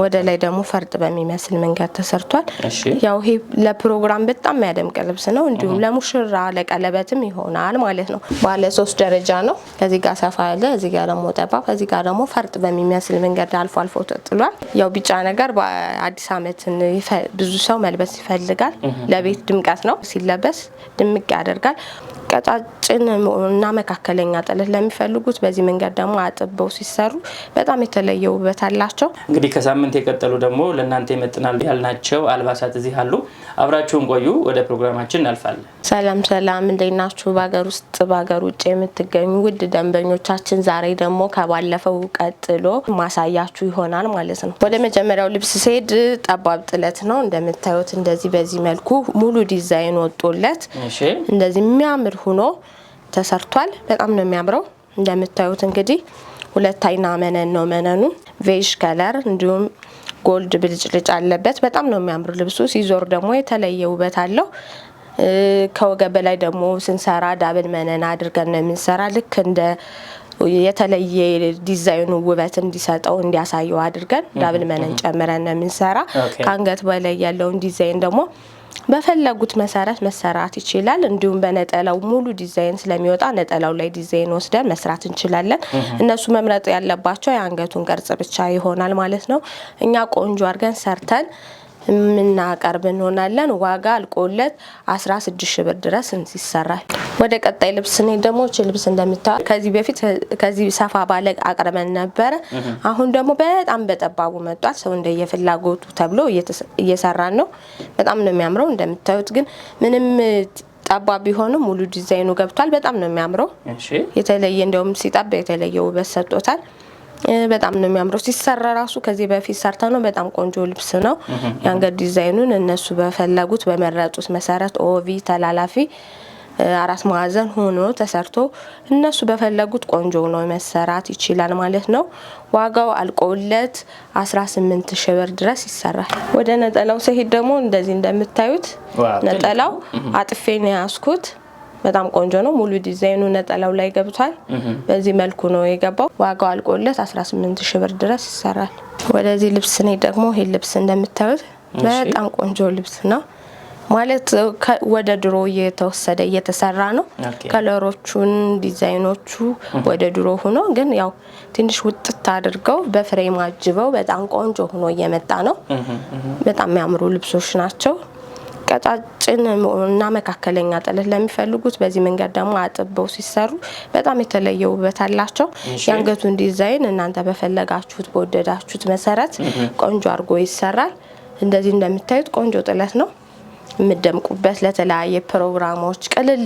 ወደ ላይ ደግሞ ፈርጥ በሚመስል መንገድ ተሰርቷል። ያው ይሄ ለፕሮግራም በጣም የሚያደምቅ ልብስ ነው። እንዲሁም ለሙሽራ ለቀለበትም ይሆናል ማለት ነው። ባለ ሶስት ደረጃ ነው። ከዚህ ጋር ሰፋ ያለ፣ እዚህ ጋር ደግሞ ጠባብ፣ ከዚህ ጋር ደግሞ ፈርጥ በሚመስል መንገድ አልፎ አልፎ ተጥሏል። ያው ቢጫ ነገር በአዲስ አመትን ብዙ ሰው መልበስ ይፈልጋል። ለቤት ድምቀት ነው። ሲለበስ ድምቅ ያደርጋል። ቀጫጭን እና መካከለኛ ጥለት ለሚፈልጉት በዚህ መንገድ ደግሞ አጥበው ሲሰሩ በጣም የተለየ ውበት አላቸው። እንግዲህ ከሳምንት የቀጠሉ ደግሞ ለእናንተ ይመጥናሉ ያልናቸው አልባሳት እዚህ አሉ። አብራችሁን ቆዩ። ወደ ፕሮግራማችን እናልፋለን። ሰላም ሰላም፣ እንዴት ናችሁ? በሀገር ውስጥ በሀገር ውጭ የምትገኙ ውድ ደንበኞቻችን ዛሬ ደግሞ ከባለፈው ቀጥሎ ማሳያችሁ ይሆናል ማለት ነው። ወደ መጀመሪያው ልብስ ስሄድ ጠባብ ጥለት ነው እንደምታዩት። እንደዚህ በዚህ መልኩ ሙሉ ዲዛይን ወጦለት እንደዚህ የሚያምር ሆኖ ተሰርቷል። በጣም ነው የሚያምረው። እንደምታዩት እንግዲህ ሁለት አይና መነን ነው መነኑ ቬዥ ከለር እንዲሁም ጎልድ ብልጭልጭ አለበት። በጣም ነው የሚያምሩ ልብሱ። ሲዞር ደግሞ የተለየ ውበት አለው። ከወገብ በላይ ደግሞ ስንሰራ ዳብል መነን አድርገን ነው የምንሰራ። ልክ እንደ የተለየ ዲዛይኑ ውበት እንዲሰጠው እንዲያሳየው አድርገን ዳብል መነን ጨምረን ነው የምንሰራ። ከአንገት በላይ ያለውን ዲዛይን ደግሞ በፈለጉት መሰረት መሰራት ይችላል። እንዲሁም በነጠላው ሙሉ ዲዛይን ስለሚወጣ ነጠላው ላይ ዲዛይን ወስደን መስራት እንችላለን። እነሱ መምረጥ ያለባቸው የአንገቱን ቅርጽ ብቻ ይሆናል ማለት ነው። እኛ ቆንጆ አድርገን ሰርተን የምናቀርብ እንሆናለን። ዋጋ አልቆለት 16 ሺህ ብር ድረስ ይሰራል። ወደ ቀጣይ ልብስ ኔ ደግሞ እች ልብስ እንደምታ ከዚህ በፊት ከዚህ ሰፋ ባለ አቅርበን ነበረ። አሁን ደግሞ በጣም በጠባቡ መጧል። ሰው እንደየፍላጎቱ ተብሎ እየሰራን ነው። በጣም ነው የሚያምረው እንደምታዩት። ግን ምንም ጠባብ ቢሆንም ሙሉ ዲዛይኑ ገብቷል። በጣም ነው የሚያምረው። የተለየ እንደውም ሲጠብ የተለየ ውበት ሰጥቶታል። በጣም ነው የሚያምረው። ሲሰራ ራሱ ከዚህ በፊት ሰርተ ነው በጣም ቆንጆ ልብስ ነው። የአንገት ዲዛይኑን እነሱ በፈለጉት በመረጡት መሰረት ኦቪ ተላላፊ አራት ማዕዘን ሆኖ ተሰርቶ እነሱ በፈለጉት ቆንጆ ነው መሰራት ይችላል ማለት ነው። ዋጋው አልቆለት 18 ሺህ ብር ድረስ ይሰራል። ወደ ነጠላው ስሄድ ደግሞ እንደዚህ እንደምታዩት ነጠላው አጥፌ ነው ያስኩት። በጣም ቆንጆ ነው። ሙሉ ዲዛይኑ ነጠላው ላይ ገብቷል። በዚህ መልኩ ነው የገባው። ዋጋው አልቆለት 18 ሺህ ብር ድረስ ይሰራል። ወደዚህ ልብስ እኔ ደግሞ ይሄ ልብስ እንደምታዩት በጣም ቆንጆ ልብስ ነው ማለት ወደ ድሮ እየተወሰደ እየተሰራ ነው። ከለሮቹን ዲዛይኖቹ ወደ ድሮ ሆኖ ግን ያው ትንሽ ውጥት አድርገው በፍሬም አጅበው በጣም ቆንጆ ሆኖ እየመጣ ነው። በጣም የሚያምሩ ልብሶች ናቸው። ቀጫጭን እና መካከለኛ ጥለት ለሚፈልጉት በዚህ መንገድ ደግሞ አጥበው ሲሰሩ በጣም የተለየ ውበት አላቸው። የአንገቱን ዲዛይን እናንተ በፈለጋችሁት በወደዳችሁት መሰረት ቆንጆ አድርጎ ይሰራል። እንደዚህ እንደምታዩት ቆንጆ ጥለት ነው። የምደምቁበት ለተለያየ ፕሮግራሞች ቅልል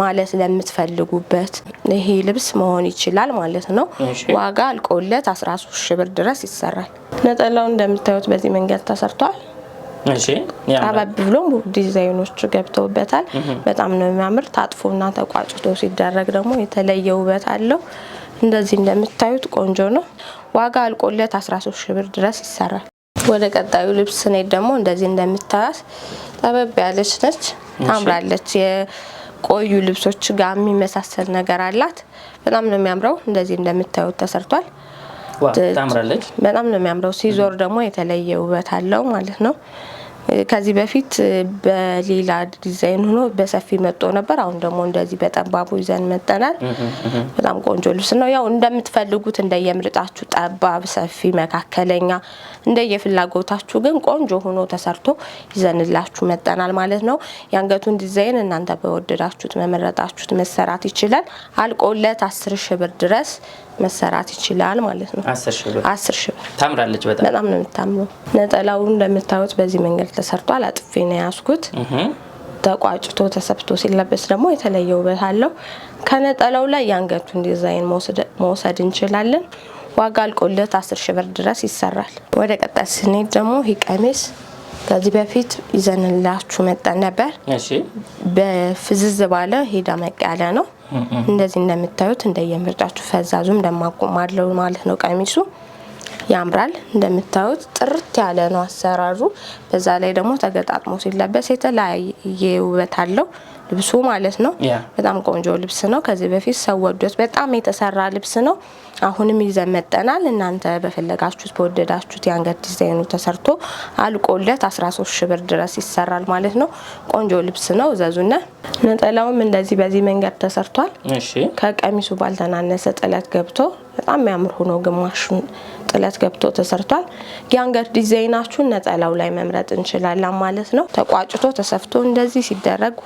ማለት ለምትፈልጉበት ይሄ ልብስ መሆን ይችላል ማለት ነው። ዋጋ አልቆለት 13 ሺ ብር ድረስ ይሰራል። ነጠላው እንደምታዩት በዚህ መንገድ ተሰርቷል። ጠበብ ብሎም ዲዛይኖች ገብተውበታል። በጣም ነው የሚያምር። ታጥፎና ተቋጭቶ ሲደረግ ደግሞ የተለየ ውበት አለው። እንደዚህ እንደምታዩት ቆንጆ ነው። ዋጋ አልቆለት 13 ሺ ብር ድረስ ይሰራል። ወደ ቀጣዩ ልብስ ስኔት ደግሞ እንደዚህ እንደምታያት ጠበብ ያለች ነች፣ ታምራለች። የቆዩ ልብሶች ጋር የሚመሳሰል ነገር አላት። በጣም ነው የሚያምረው። እንደዚህ እንደምታዩት ተሰርቷል። በጣም ነው የሚያምረው። ሲዞር ደግሞ የተለየ ውበት አለው ማለት ነው። ከዚህ በፊት በሌላ ዲዛይን ሆኖ በሰፊ መጦ ነበር። አሁን ደግሞ እንደዚህ በጠባቡ ይዘን መጠናል። በጣም ቆንጆ ልብስ ነው። ያው እንደምትፈልጉት እንደየምርጣችሁ ጠባብ፣ ሰፊ፣ መካከለኛ እንደየፍላጎታችሁ ግን ቆንጆ ሆኖ ተሰርቶ ይዘንላችሁ መጠናል ማለት ነው። የአንገቱን ዲዛይን እናንተ በወደዳችሁት መመረጣችሁት መሰራት ይችላል። አልቆለት አስር ሺ ብር ድረስ መሰራት ይችላል ማለት ነው። አስር ሺህ ብር ታምራለች። በጣም በጣም ነው የምታምረው። ነጠላው እንደምታዩት በዚህ መንገድ ተሰርቷል። አጥፌ ነው ያስኩት። ተቋጭቶ ተሰብቶ ሲለበስ ደግሞ የተለየ ውበት አለው። ከነጠላው ላይ የአንገቱን ዲዛይን መውሰድ እንችላለን። ዋጋ አልቆለት አስር ሺህ ብር ድረስ ይሰራል። ወደ ቀጣይ ስንሄድ ደግሞ ይህ ቀሚስ ከዚህ በፊት ይዘንላችሁ መጠን ነበር። በፍዝዝ ባለ ሄዳ መቅ ያለ ነው እንደዚህ እንደምታዩት እንደየምርጫችሁ ፈዛዙም ደማቁም አለው ማለት ነው ቀሚሱ ያምራል። እንደምታዩት ጥርት ያለ ነው አሰራሩ። በዛ ላይ ደግሞ ተገጣጥሞ ሲለበስ የተለያየ ውበት አለው ልብሱ ማለት ነው። በጣም ቆንጆ ልብስ ነው። ከዚህ በፊት ሰው ወዶት በጣም የተሰራ ልብስ ነው። አሁንም ይዘን መጠናል። እናንተ በፈለጋችሁት በወደዳችሁት የአንገት ዲዛይኑ ተሰርቶ አልቆለት 13 ሺ ብር ድረስ ይሰራል ማለት ነው። ቆንጆ ልብስ ነው። እዘዙነ። ነጠላውም እንደዚህ በዚህ መንገድ ተሰርቷል። ከቀሚሱ ባልተናነሰ ጥለት ገብቶ በጣም የሚያምር ሆኖ ግማሹን ጥለት ገብቶ ተሰርቷል። የአንገት ዲዛይናችሁን ነጠላው ላይ መምረጥ እንችላለን ማለት ነው። ተቋጭቶ ተሰፍቶ እንደዚህ ሲደረጉ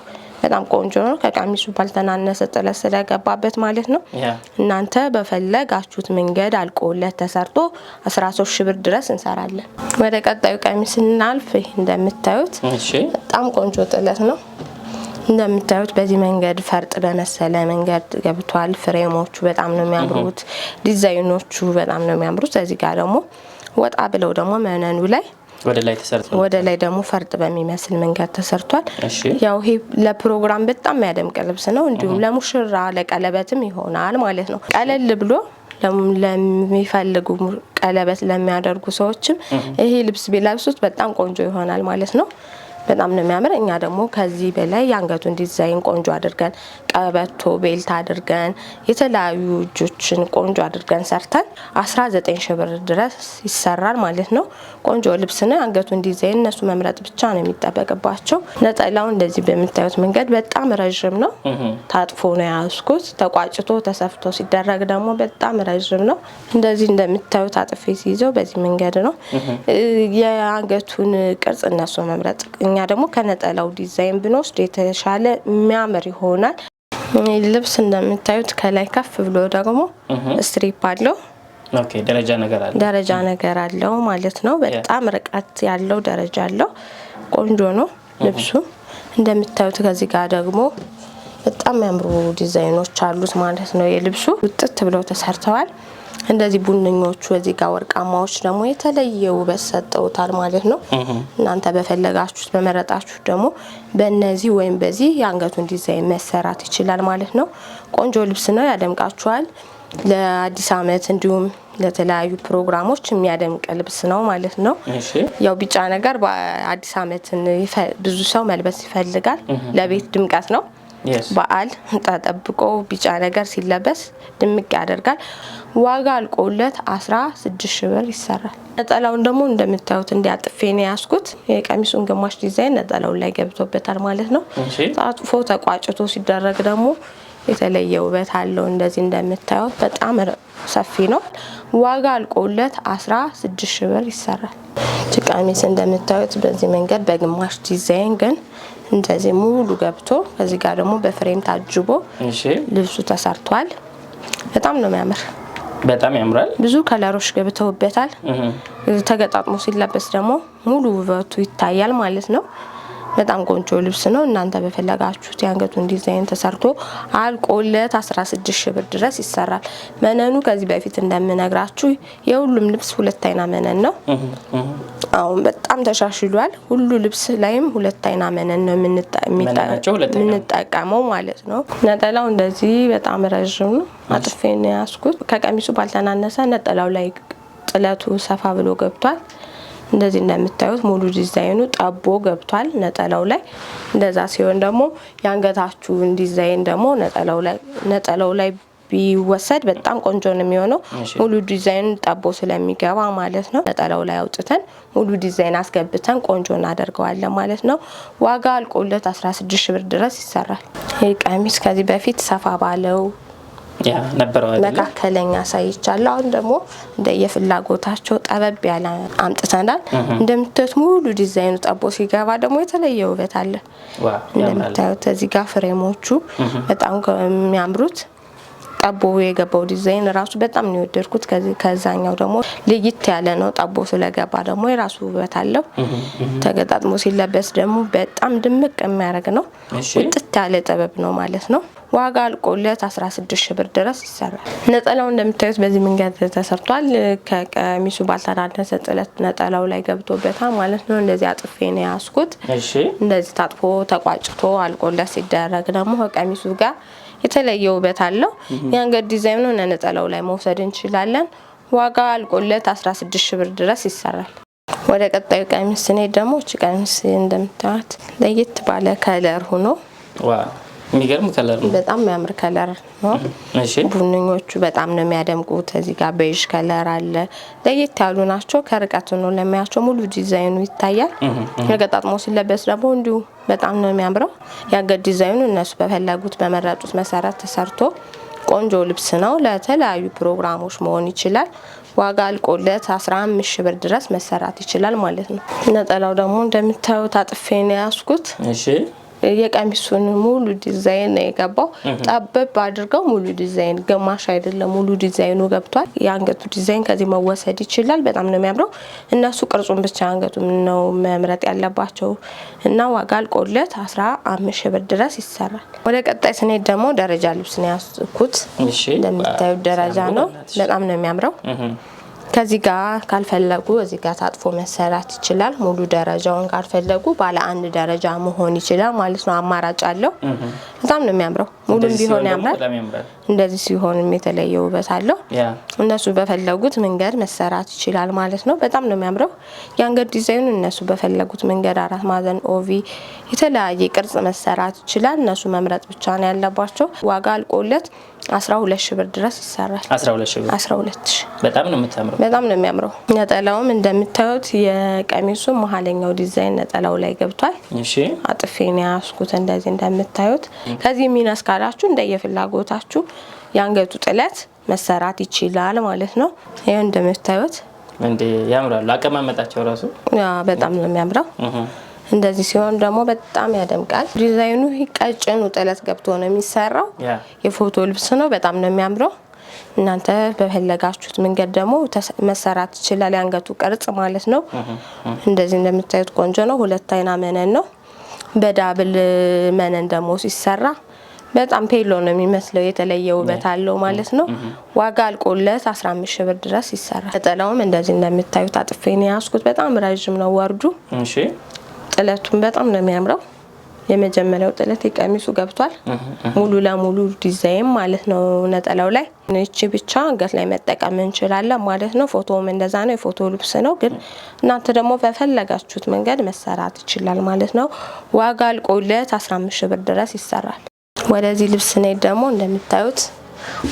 በጣም ቆንጆ ነው። ከቀሚሱ ባልተናነሰ ጥለት ስለገባበት ማለት ነው። እናንተ በፈለጋችሁት መንገድ አልቆለት ተሰርቶ 13 ሺ ብር ድረስ እንሰራለን። ወደ ቀጣዩ ቀሚስ ስናልፍ እንደምታዩት በጣም ቆንጆ ጥለት ነው። እንደምታዩት በዚህ መንገድ ፈርጥ በመሰለ መንገድ ገብቷል። ፍሬሞቹ በጣም ነው የሚያምሩት። ዲዛይኖቹ በጣም ነው የሚያምሩት። እዚህ ጋር ደግሞ ወጣ ብለው ደግሞ መነኑ ላይ ወደ ላይ ደግሞ ፈርጥ በሚመስል መንገድ ተሰርቷል። ያው ይሄ ለፕሮግራም በጣም የሚያደምቅ ልብስ ነው። እንዲሁም ለሙሽራ ለቀለበትም ይሆናል ማለት ነው። ቀለል ብሎ ለሚፈልጉ ቀለበት ለሚያደርጉ ሰዎችም ይሄ ልብስ ቢለብሱት በጣም ቆንጆ ይሆናል ማለት ነው። በጣም ነው የሚያምር። እኛ ደግሞ ከዚህ በላይ የአንገቱን ዲዛይን ቆንጆ አድርገን ቀበቶ ቤልት አድርገን የተለያዩ እጆችን ቆንጆ አድርገን ሰርተን 19 ሺ ብር ድረስ ይሰራል ማለት ነው። ቆንጆ ልብስ ነው አንገቱን ዲዛይን እነሱ መምረጥ ብቻ ነው የሚጠበቅባቸው። ነጠላው እንደዚህ በምታዩት መንገድ በጣም ረዥም ነው። ታጥፎ ነው የያዝኩት። ተቋጭቶ ተሰፍቶ ሲደረግ ደግሞ በጣም ረዥም ነው። እንደዚህ እንደምታዩት አጥፌ ሲይዘው በዚህ መንገድ ነው። የአንገቱን ቅርጽ እነሱ መምረጥ፣ እኛ ደግሞ ከነጠላው ዲዛይን ብንወስድ የተሻለ የሚያምር ይሆናል። ልብስ እንደምታዩት ከላይ ከፍ ብሎ ደግሞ ስትሪፕ አለው። ደረጃ ነገር አለው ደረጃ ነገር አለው ማለት ነው። በጣም ርቀት ያለው ደረጃ አለው። ቆንጆ ነው ልብሱ እንደምታዩት። ከዚህ ጋር ደግሞ በጣም ያምሩ ዲዛይኖች አሉት ማለት ነው። የልብሱ ውጥት ብለው ተሰርተዋል። እንደዚህ ቡንኞቹ እዚህ ጋር ወርቃማዎች ደግሞ የተለየ ውበት ሰጠውታል ማለት ነው። እናንተ በፈለጋችሁት በመረጣችሁት ደግሞ በእነዚህ ወይም በዚህ የአንገቱን ዲዛይን መሰራት ይችላል ማለት ነው። ቆንጆ ልብስ ነው፣ ያደምቃችኋል። ለአዲስ አመት እንዲሁም ለተለያዩ ፕሮግራሞች የሚያደምቅ ልብስ ነው ማለት ነው። ያው ቢጫ ነገር በአዲስ አመትን ብዙ ሰው መልበስ ይፈልጋል። ለቤት ድምቀት ነው። በዓል ተጠብቆ ቢጫ ነገር ሲለበስ ድምቅ ያደርጋል። ዋጋ አልቆለት አስራ ሺ ብር ይሰራል። ነጠላውን ደግሞ እንደምታዩት እንዲያጥፌ ነው ያስኩት። የቀሚሱን ግማሽ ዲዛይን ነጠላውን ላይ ገብቶበታል ማለት ነው። ጣጥፎ ተቋጭቶ ሲደረግ ደግሞ የተለየ ውበት አለው። እንደዚህ እንደምታዩት በጣም ሰፊ ነው። ዋጋ አልቆለት አስራ ሺ ብር ይሰራል። ጭቃሚስ እንደምታዩት በዚህ መንገድ በግማሽ ዲዛይን ግን እንደዚህ ሙሉ ገብቶ እዚህ ጋር ደግሞ በፍሬም ታጅቦ ልብሱ ተሰርቷል። በጣም ነው የሚያምር። በጣም ያምራል። ብዙ ከለሮች ገብተውበታል። ተገጣጥሞ ሲለበስ ደግሞ ሙሉ ውበቱ ይታያል ማለት ነው። በጣም ቆንጆ ልብስ ነው። እናንተ በፈለጋችሁት የአንገቱን ዲዛይን ተሰርቶ አልቆለት 16 ሺ ብር ድረስ ይሰራል። መነኑ ከዚህ በፊት እንደምነግራችሁ የሁሉም ልብስ ሁለት አይና መነን ነው። አሁን በጣም ተሻሽሏል። ሁሉ ልብስ ላይም ሁለት አይና መነን ነው የምንጠቀመው ማለት ነው። ነጠላው እንደዚህ በጣም ረዥም ነው። አጥፌ ነው ያስኩት። ከቀሚሱ ባልተናነሰ ነጠላው ላይ ጥለቱ ሰፋ ብሎ ገብቷል። እንደዚህ እንደምታዩት ሙሉ ዲዛይኑ ጠቦ ገብቷል ነጠላው ላይ። እንደዛ ሲሆን ደግሞ የአንገታችሁን ዲዛይን ደግሞ ነጠላው ላይ ቢወሰድ በጣም ቆንጆ ነው የሚሆነው። ሙሉ ዲዛይኑ ጠቦ ስለሚገባ ማለት ነው። ነጠላው ላይ አውጥተን ሙሉ ዲዛይን አስገብተን ቆንጆ እናደርገዋለን ማለት ነው። ዋጋ አልቆለት 16 ሺ ብር ድረስ ይሰራል። ይህ ቀሚስ ከዚህ በፊት ሰፋ ባለው መካከለኛ አሳይቻለሁ። አሁን ደግሞ እንደየፍላጎታቸው ጠበብ ያለ አምጥተናል። እንደምታዩት ሙሉ ዲዛይኑ ጠቦ ሲገባ ደግሞ የተለየ ውበት አለ። እንደምታዩት እዚህ ጋር ፍሬሞቹ በጣም የሚያምሩት ጠቦ የገባው ዲዛይን ራሱ በጣም ነው የወደድኩት። ከዛኛው ደግሞ ልይት ያለ ነው። ጠቦ ስለገባ ደግሞ የራሱ ውበት አለው። ተገጣጥሞ ሲለበስ ደግሞ በጣም ድምቅ የሚያደርግ ነው። ውጥት ያለ ጥበብ ነው ማለት ነው። ዋጋ አልቆለት 16 ሺ ብር ድረስ ይሰራል። ነጠላው እንደምታዩት በዚህ መንገድ ተሰርቷል። ከቀሚሱ ባልተናነሰ ጥለት ነጠላው ላይ ገብቶበታል ማለት ነው። እንደዚህ አጥፌ ነው ያስኩት። እንደዚህ ታጥፎ ተቋጭቶ አልቆለት ሲደረግ ደግሞ ከቀሚሱ ጋር የተለየ ውበት አለው። የአንገት ነው ነጠላው ላይ መውሰድ እንችላለን። ዋጋ አልቆለት 16 ሺ ብር ድረስ ይሰራል። ወደ ቀጣዩ ቀሚስ ስኔ ደግሞ እች ቀሚስ እንደምታዩት ለየት ባለ ከለር ሆኖ የሚገርም ከለር ነው። በጣም የሚያምር ከለር ነው። ቡንኞቹ በጣም ነው የሚያደምቁት። እዚህ ጋር ቤዥ ከለር አለ። ለየት ያሉ ናቸው። ከርቀት ነው ለሚያቸው ሙሉ ዲዛይኑ ይታያል። የገጣጥሞ ሲለበስ ደግሞ እንዲሁ በጣም ነው የሚያምረው። የአገድ ዲዛይኑ እነሱ በፈለጉት በመረጡት መሰረት ተሰርቶ ቆንጆ ልብስ ነው። ለተለያዩ ፕሮግራሞች መሆን ይችላል። ዋጋ አልቆለት 15 ሺህ ብር ድረስ መሰራት ይችላል ማለት ነው። ነጠላው ደግሞ እንደምታዩት አጥፌ ነው ያስኩት። የቀሚሱን ሙሉ ዲዛይን ነው የገባው። ጠበብ አድርገው ሙሉ ዲዛይን ግማሽ አይደለም ሙሉ ዲዛይኑ ገብቷል። የአንገቱ ዲዛይን ከዚህ መወሰድ ይችላል። በጣም ነው የሚያምረው። እነሱ ቅርጹን ብቻ አንገቱ ነው መምረጥ ያለባቸው እና ዋጋ አልቆለት አስራ አምስት ሺህ ብር ድረስ ይሰራል። ወደ ቀጣይ ስንሄድ ደግሞ ደረጃ ልብስ ነው ያስኩት። እንደሚታዩት ደረጃ ነው። በጣም ነው የሚያምረው። ከዚህ ጋር ካልፈለጉ እዚህ ጋር ታጥፎ መሰራት ይችላል። ሙሉ ደረጃውን ካልፈለጉ ባለ አንድ ደረጃ መሆን ይችላል ማለት ነው። አማራጭ አለው። በጣም ነው የሚያምረው። ሙሉ ቢሆን ያምራል። እንደዚህ ሲሆንም የተለየ ውበት አለው። እነሱ በፈለጉት መንገድ መሰራት ይችላል ማለት ነው። በጣም ነው የሚያምረው። የአንገት ዲዛይኑ እነሱ በፈለጉት መንገድ አራት ማዕዘን ኦቪ፣ የተለያየ ቅርጽ መሰራት ይችላል። እነሱ መምረጥ ብቻ ነው ያለባቸው። ዋጋ አልቆለት 12 ሺህ ብር ድረስ ይሰራል። 12 ብር በጣም ነው የምታምረው። በጣም ነው የሚያምረው። ነጠላውም እንደምታዩት የቀሚሱ መሀለኛው ዲዛይን ነጠላው ላይ ገብቷል። እሺ ያስኩት እንደዚህ እንደምታዩት። ከዚህ ሚነስ ካላችሁ እንደየፍላጎታችሁ የአንገቱ ጥለት መሰራት ይችላል ማለት ነው። ይህ እንደምታዩት እንዴ ያምራሉ። አቀማመጣቸው ራሱ በጣም ነው የሚያምረው። እንደዚህ ሲሆን ደግሞ በጣም ያደምቃል። ዲዛይኑ ቀጭኑ ጥለት ገብቶ ነው የሚሰራው። የፎቶ ልብስ ነው። በጣም ነው የሚያምረው። እናንተ በፈለጋችሁት መንገድ ደግሞ መሰራት ይችላል። የአንገቱ ቅርጽ ማለት ነው። እንደዚህ እንደምታዩት ቆንጆ ነው። ሁለት አይና መነን ነው። በዳብል መነን ደግሞ ሲሰራ በጣም ፔሎ ነው የሚመስለው። የተለየ ውበት አለው ማለት ነው። ዋጋ አልቆለት 15 ሺህ ብር ድረስ ይሰራል። ነጠላውም እንደዚህ እንደምታዩት አጥፌን ያስኩት በጣም ረዥም ነው ወርዱ። ጥለቱን በጣም ነው የሚያምረው። የመጀመሪያው ጥለት የቀሚሱ ገብቷል። ሙሉ ለሙሉ ዲዛይን ማለት ነው ነጠላው ላይ። ይቺ ብቻ አንገት ላይ መጠቀም እንችላለን ማለት ነው። ፎቶውም እንደዛ ነው፣ የፎቶ ልብስ ነው። ግን እናንተ ደግሞ በፈለጋችሁት መንገድ መሰራት ይችላል ማለት ነው። ዋጋ አልቆለት 15 ሺህ ብር ድረስ ይሰራል። ወደዚህ ልብስ ነይ ደግሞ እንደምታዩት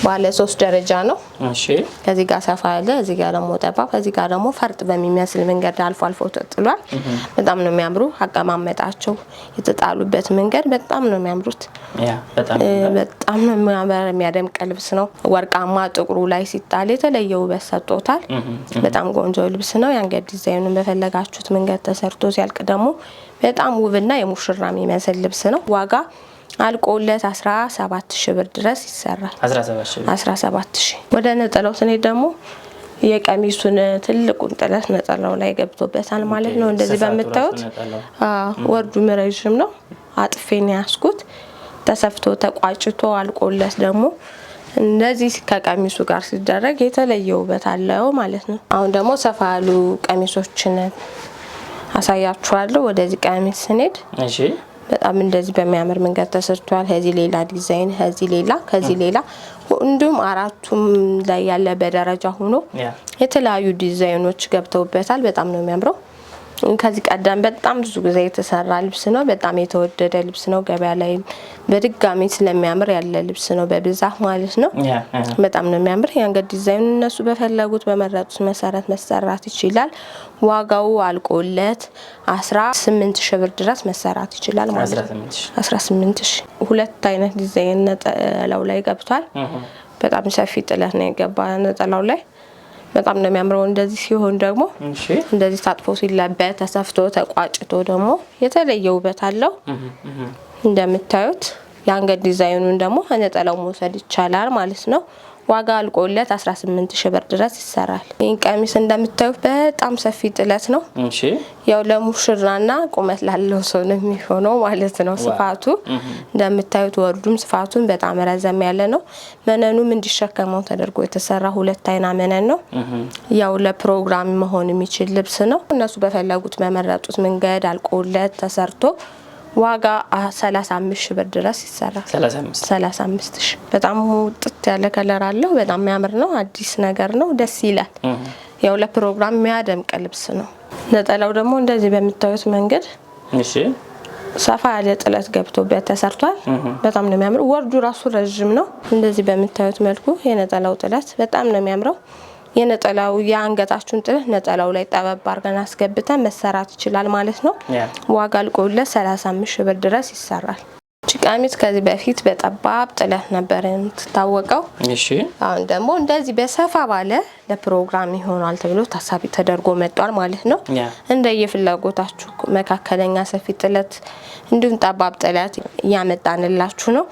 ባለ ሶስት ደረጃ ነው። እሺ ከዚህ ጋር ሰፋ ያለ፣ እዚህ ጋር ደግሞ ጠባብ፣ ከዚህ ጋር ደግሞ ፈርጥ በሚመስል መንገድ አልፎ አልፎ ተጥሏል። በጣም ነው የሚያምሩ። አቀማመጣቸው የተጣሉበት መንገድ በጣም ነው የሚያምሩት። በጣም ነው የሚያምር የሚያደምቅ ልብስ ነው። ወርቃማ ጥቁሩ ላይ ሲጣል የተለየ ውበት ሰጥቶታል። በጣም ቆንጆ ልብስ ነው። የአንገት ዲዛይኑን በፈለጋችሁት መንገድ ተሰርቶ ሲያልቅ ደግሞ በጣም ውብና የሙሽራ የሚመስል ልብስ ነው። ዋጋ አልቆለት 17 ሺህ ብር ድረስ ይሰራል። 17 ሺህ ወደ ነጠላው ስንሄድ ደግሞ የቀሚሱን ትልቁን ጥለት ነጠላው ላይ ገብቶበታል ማለት ነው። እንደዚህ በምታዩት ወርዱ ረዥም ነው። አጥፌን ያስኩት ተሰፍቶ ተቋጭቶ አልቆለት ደግሞ እንደዚህ ከቀሚሱ ጋር ሲደረግ የተለየ ውበት አለው ማለት ነው። አሁን ደግሞ ሰፋ ያሉ ቀሚሶችን አሳያችኋለሁ። ወደዚህ ቀሚስ ስንሄድ በጣም እንደዚህ በሚያምር መንገድ ተሰርቷል። ከዚህ ሌላ ዲዛይን፣ ከዚህ ሌላ፣ ከዚህ ሌላ እንዲሁም አራቱም ላይ ያለ በደረጃ ሆኖ የተለያዩ ዲዛይኖች ገብተውበታል። በጣም ነው የሚያምረው። ከዚህ ቀደም በጣም ብዙ ጊዜ የተሰራ ልብስ ነው። በጣም የተወደደ ልብስ ነው። ገበያ ላይ በድጋሚ ስለሚያምር ያለ ልብስ ነው በብዛት ማለት ነው። በጣም ነው የሚያምር። የአንገት ዲዛይኑ እነሱ በፈለጉት በመረጡት መሰረት መሰራት ይችላል። ዋጋው አልቆለት አስራ ስምንት ሺ ብር ድረስ መሰራት ይችላል ማለት ነው። አስራ ስምንት ሺ ሁለት አይነት ዲዛይን ነጠላው ላይ ገብቷል። በጣም ሰፊ ጥለት ነው የገባ ነጠላው ላይ በጣም ነው የሚያምረው። እንደዚህ ሲሆን ደግሞ እንደዚህ ታጥፎ ሲለበ ተሰፍቶ ተቋጭቶ ደግሞ የተለየ ውበት አለው። እንደምታዩት የአንገት ዲዛይኑን ደግሞ ከነጠላው መውሰድ ይቻላል ማለት ነው። ዋጋ አልቆለት 18 ሺህ ብር ድረስ ይሰራል። ይህን ቀሚስ እንደምታዩት በጣም ሰፊ ጥለት ነው። ያው ለሙሽራና ቁመት ላለው ሰው ነው የሚሆነው ማለት ነው። ስፋቱ እንደምታዩት ወርዱም ስፋቱን በጣም ረዘም ያለ ነው። መነኑም እንዲሸከመው ተደርጎ የተሰራ ሁለት አይና መነን ነው። ያው ለፕሮግራም መሆን የሚችል ልብስ ነው። እነሱ በፈለጉት በመረጡት መንገድ አልቆለት ተሰርቶ ዋጋ 35 ሺህ ብር ድረስ ይሰራል። 35 ሺ በጣም ውጥት ያለ ከለር አለው። በጣም የሚያምር ነው። አዲስ ነገር ነው። ደስ ይላል። ያው ለፕሮግራም የሚያደምቅ ልብስ ነው። ነጠላው ደግሞ እንደዚህ በምታዩት መንገድ ሰፋ ያለ ጥለት ገብቶበት ተሰርቷል። በጣም ነው የሚያምረው። ወርዱ ራሱ ረዥም ነው። እንደዚህ በምታዩት መልኩ የነጠላው ጥለት በጣም ነው የሚያምረው። የነጠላው የአንገታችሁን ጥለት ነጠላው ላይ ጠበብ አርገን አስገብተን መሰራት ይችላል ማለት ነው። ዋጋ አልቆለት 35 ሺህ ብር ድረስ ይሰራል። ጭቃሚት ከዚህ በፊት በጠባብ ጥለት ነበር የምትታወቀው። አሁን ደግሞ እንደዚህ በሰፋ ባለ ለፕሮግራም ይሆናል ተብሎ ታሳቢ ተደርጎ መጧል ማለት ነው። እንደ የፍላጎታችሁ መካከለኛ ሰፊ ጥለት እንዲሁም ጠባብ ጥለት እያመጣንላችሁ ነው።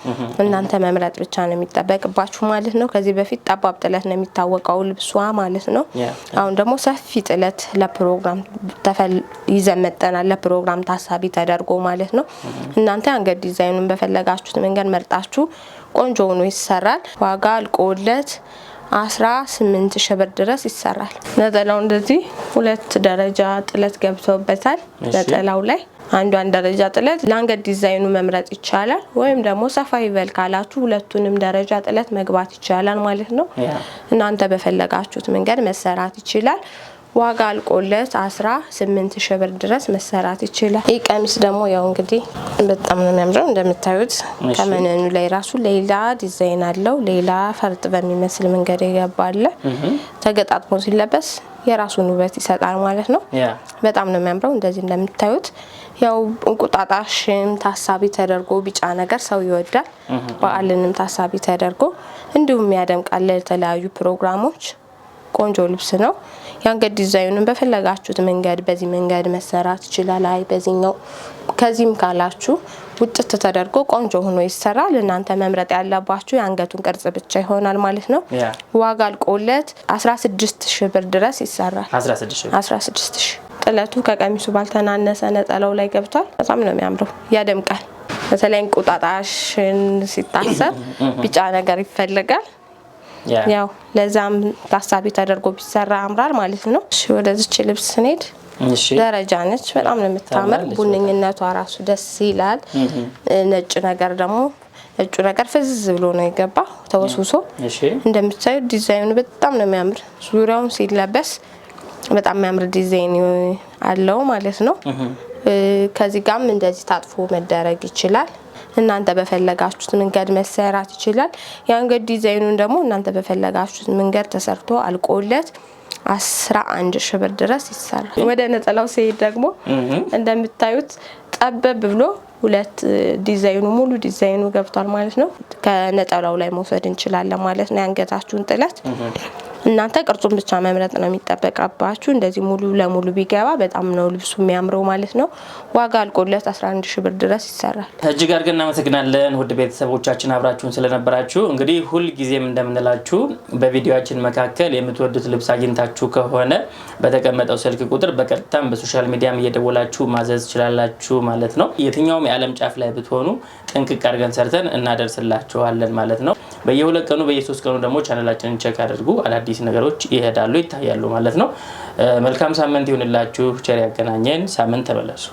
እናንተ መምረጥ ብቻ ነው የሚጠበቅባችሁ ማለት ነው። ከዚህ በፊት ጠባብ ጥለት ነው የሚታወቀው ልብሷ ማለት ነው። አሁን ደግሞ ሰፊ ጥለት ለፕሮግራም ይዘመጠናል ለፕሮግራም ታሳቢ ተደርጎ ማለት ነው። እናንተ አንገት ዲዛይኑን በፈለጋችሁት መንገድ መርጣችሁ ቆንጆ ሆኖ ይሰራል። ዋጋ አልቆለት አስራ ስምንት ሺህ ብር ድረስ ይሰራል። ነጠላው እንደዚህ ሁለት ደረጃ ጥለት ገብተውበታል። ነጠላው ላይ አንዷን ደረጃ ጥለት ለአንገት ዲዛይኑ መምረጥ ይቻላል፣ ወይም ደግሞ ሰፋ ይበል ካላችሁ ሁለቱንም ደረጃ ጥለት መግባት ይቻላል ማለት ነው። እናንተ በፈለጋችሁት መንገድ መሰራት ይችላል። ዋጋ አልቆለት አስራ ስምንት ሺህ ብር ድረስ መሰራት ይችላል። ይህ ቀሚስ ደግሞ ያው እንግዲህ በጣም ነው የሚያምረው እንደምታዩት ከመነኑ ላይ ራሱ ሌላ ዲዛይን አለው። ሌላ ፈርጥ በሚመስል መንገድ ይገባለ ተገጣጥሞ ሲለበስ የራሱን ውበት ይሰጣል ማለት ነው። በጣም ነው የሚያምረው። እንደዚህ እንደምታዩት ያው እንቁጣጣሽም ታሳቢ ተደርጎ ቢጫ ነገር ሰው ይወዳል። በዓልንም ታሳቢ ተደርጎ እንዲሁም ያደምቃል። የተለያዩ ፕሮግራሞች ቆንጆ ልብስ ነው። የአንገት ዲዛይኑን በፈለጋችሁት መንገድ በዚህ መንገድ መሰራት ይችላል። አይ በዚህኛው ከዚህም ካላችሁ ውጭት ተደርጎ ቆንጆ ሆኖ ይሰራል። እናንተ መምረጥ ያለባችሁ የአንገቱን ቅርጽ ብቻ ይሆናል ማለት ነው። ዋጋ አልቆለት 16 ሺህ ብር ድረስ ይሰራል። 16 ሺህ ጥለቱ ከቀሚሱ ባልተናነሰ ነጠላው ላይ ገብቷል። በጣም ነው የሚያምረው፣ ያደምቃል። በተለይ እንቁጣጣሽን ሲታሰብ ቢጫ ነገር ይፈልጋል። ያው ለዛም ታሳቢ ተደርጎ ቢሰራ ያምራል ማለት ነው። እሺ ወደዚች ልብስ ስንሄድ ደረጃ ነች። በጣም ነው የምታምር። ቡንኝነቷ ራሱ ደስ ይላል። ነጭ ነገር ደግሞ ነጩ ነገር ፍዝዝ ብሎ ነው የገባ ተወስውሶ። እንደምታዩ ዲዛይኑ በጣም ነው የሚያምር። ዙሪያውን ሲለበስ በጣም የሚያምር ዲዛይን አለው ማለት ነው። ከዚህ ጋም እንደዚህ ታጥፎ መደረግ ይችላል። እናንተ በፈለጋችሁት መንገድ መሰራት ይችላል። የአንገት ዲዛይኑን ደግሞ እናንተ በፈለጋችሁት መንገድ ተሰርቶ አልቆለት አስራ አንድ ሽብር ብር ድረስ ይሰራል። ወደ ነጠላው ሲሄድ ደግሞ እንደምታዩት ጠበብ ብሎ ሁለት ዲዛይኑ ሙሉ ዲዛይኑ ገብቷል ማለት ነው። ከነጠላው ላይ መውሰድ እንችላለን ማለት ነው የአንገታችሁን ጥለት እናንተ ቅርጹን ብቻ መምረጥ ነው የሚጠበቅባችሁ። እንደዚህ ሙሉ ለሙሉ ቢገባ በጣም ነው ልብሱ የሚያምረው ማለት ነው። ዋጋ አልቆለት 11 ሺ ብር ድረስ ይሰራል። እጅግ አድርገን እናመሰግናለን ውድ ቤተሰቦቻችን አብራችሁን ስለነበራችሁ። እንግዲህ ሁል ጊዜም እንደምንላችሁ በቪዲዮችን መካከል የምትወዱት ልብስ አግኝታችሁ ከሆነ በተቀመጠው ስልክ ቁጥር በቀጥታም በሶሻል ሚዲያም እየደወላችሁ ማዘዝ ትችላላችሁ ማለት ነው። የትኛውም የዓለም ጫፍ ላይ ብትሆኑ ጥንቅቅ አድርገን ሰርተን እናደርስላችኋለን ማለት ነው። በየሁለት ቀኑ በየሶስት ቀኑ ደግሞ ቻነላችንን ቸክ አድርጉ አዳዲስ አዳዲስ ነገሮች ይሄዳሉ፣ ይታያሉ ማለት ነው። መልካም ሳምንት ይሁንላችሁ። ቸር ያገናኘን። ሳምንት ተመለሱ።